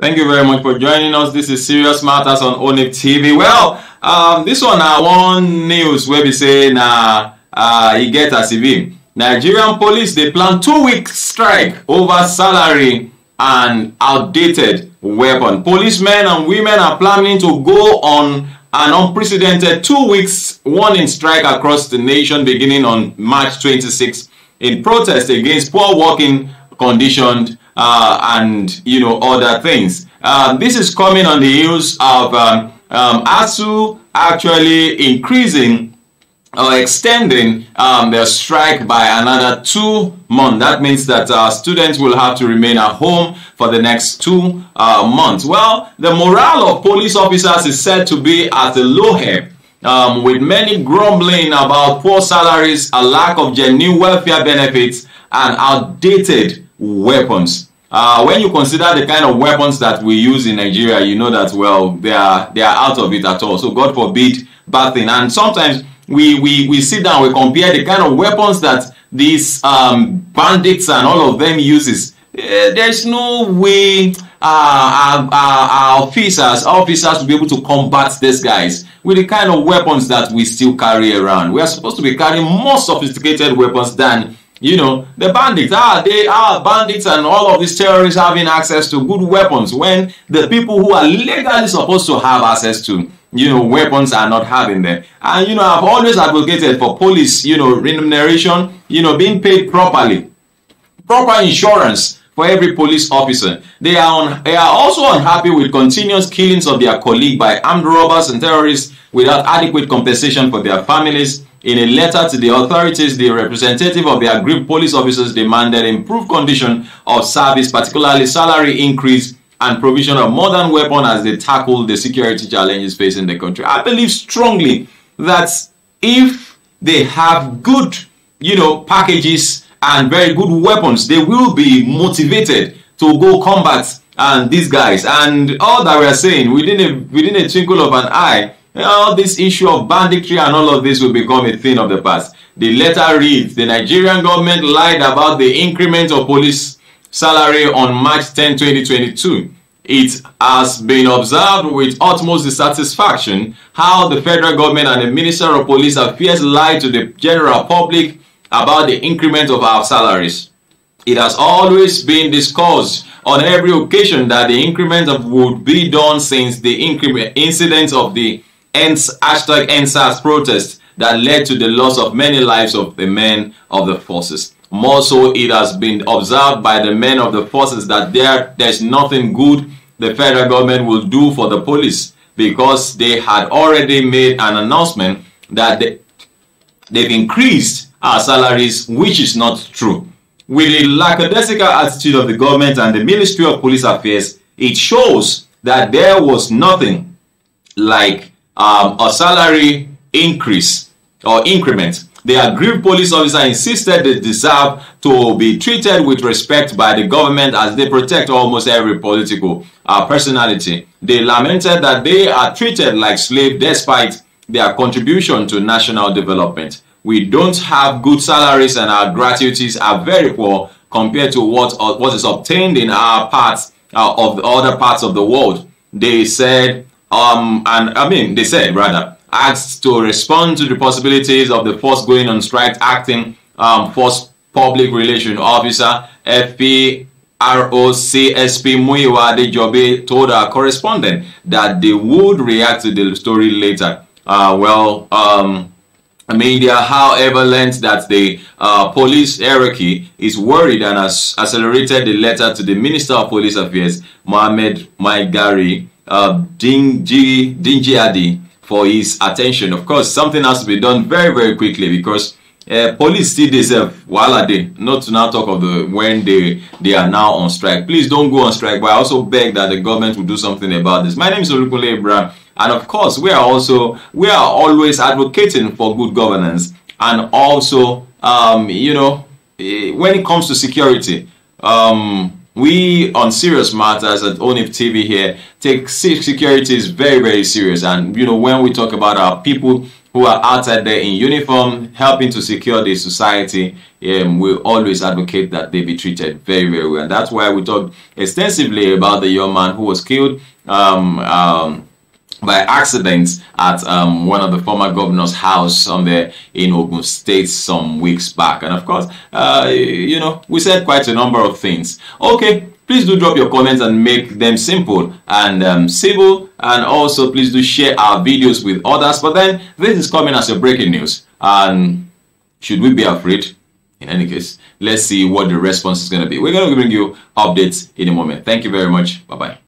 Thank you very much for joining us. This is Serious Matters on Onyx TV. Well, um, this one na uh, one news wey be say nah, uh, get a CV. Nigerian police they plan two-week strike over salary and outdated weapon. Policemen and women are planning to go on an unprecedented two weeks warning strike across the nation beginning on March 26 in protest against poor working conditions uh, and you know other things. Um, this is coming on the heels of um, um, ASU actually increasing or extending um, their strike by another two months. That means that uh, students will have to remain at home for the next two uh, months. Well, the morale of police officers is said to be at a low ebb. Um, with many grumbling about poor salaries, a lack of genuine welfare benefits, and outdated weapons. Uh, when you consider the kind of weapons that we use in Nigeria, you know that well they are they are out of it at all. So God forbid bad thing. And sometimes we we, we sit down, we compare the kind of weapons that these um, bandits and all of them uses. Uh, there's no way uh, our, our, our officers our officers to be able to combat these guys with the kind of weapons that we still carry around. We are supposed to be carrying more sophisticated weapons than you know, the bandits, ah, they are bandits and all of these terrorists having access to good weapons when the people who are legally supposed to have access to, you know, weapons are not having them. And, you know, I've always advocated for police, you know, remuneration, you know, being paid properly. Proper insurance for every police officer. They are, on, they are also unhappy with continuous killings of their colleagues by armed robbers and terrorists without adequate compensation for their families in a letter to the authorities, the representative of the aggrieved police officers demanded improved condition of service, particularly salary increase and provision of modern weapons as they tackle the security challenges facing the country. I believe strongly that if they have good, you know, packages and very good weapons, they will be motivated to go combat and um, these guys. And all that we are saying within a within a twinkle of an eye, all this issue of banditry and all of this will become a thing of the past. The letter reads, the Nigerian government lied about the increment of police salary on March 10, 2022. It has been observed with utmost dissatisfaction how the federal government and the Minister of Police Affairs lied to the general public about the increment of our salaries. It has always been discussed on every occasion that the increment of would be done since the incident of the hashtag NSAS protest that led to the loss of many lives of the men of the forces. More so, it has been observed by the men of the forces that there, there's nothing good the federal government will do for the police because they had already made an announcement that they, they've increased our salaries, which is not true. With the lackadaisical attitude of the government and the Ministry of Police Affairs, it shows that there was nothing like um, a salary increase or increment. The aggrieved police officer insisted they deserve to be treated with respect by the government as they protect almost every political uh, personality. They lamented that they are treated like slaves despite their contribution to national development. We don't have good salaries and our gratuities are very poor compared to what, uh, what is obtained in our parts uh, of the other parts of the world. They said um, and I mean, they said rather, asked to respond to the possibilities of the force going on strike acting um, force public relation officer FP ROCSP Muiwa Adejobi told our correspondent that they would react to the story later. Uh, well, um, media, however, learned that the uh, police hierarchy is worried and has accelerated the letter to the Minister of Police Affairs, Mohamed Maigari, uh, Dingy, Adi for his attention. Of course, something has to be done very, very quickly because uh, police still deserve while they not to now talk of the when they they are now on strike. Please don't go on strike. But I also beg that the government will do something about this. My name is Olukunle Abraham, and of course, we are also we are always advocating for good governance and also um, you know eh, when it comes to security. Um, we on Serious Matters at Onif TV here take is very, very serious. And you know, when we talk about our people who are outside there in uniform helping to secure the society, um, we always advocate that they be treated very, very well. And that's why we talked extensively about the young man who was killed. Um, um, by accident at um, one of the former governor's house somewhere in Ogun State some weeks back. And of course, uh, you know, we said quite a number of things. Okay, please do drop your comments and make them simple and um, civil. And also, please do share our videos with others. But then, this is coming as a breaking news. And should we be afraid? In any case, let's see what the response is going to be. We're going to bring you updates in a moment. Thank you very much. Bye-bye.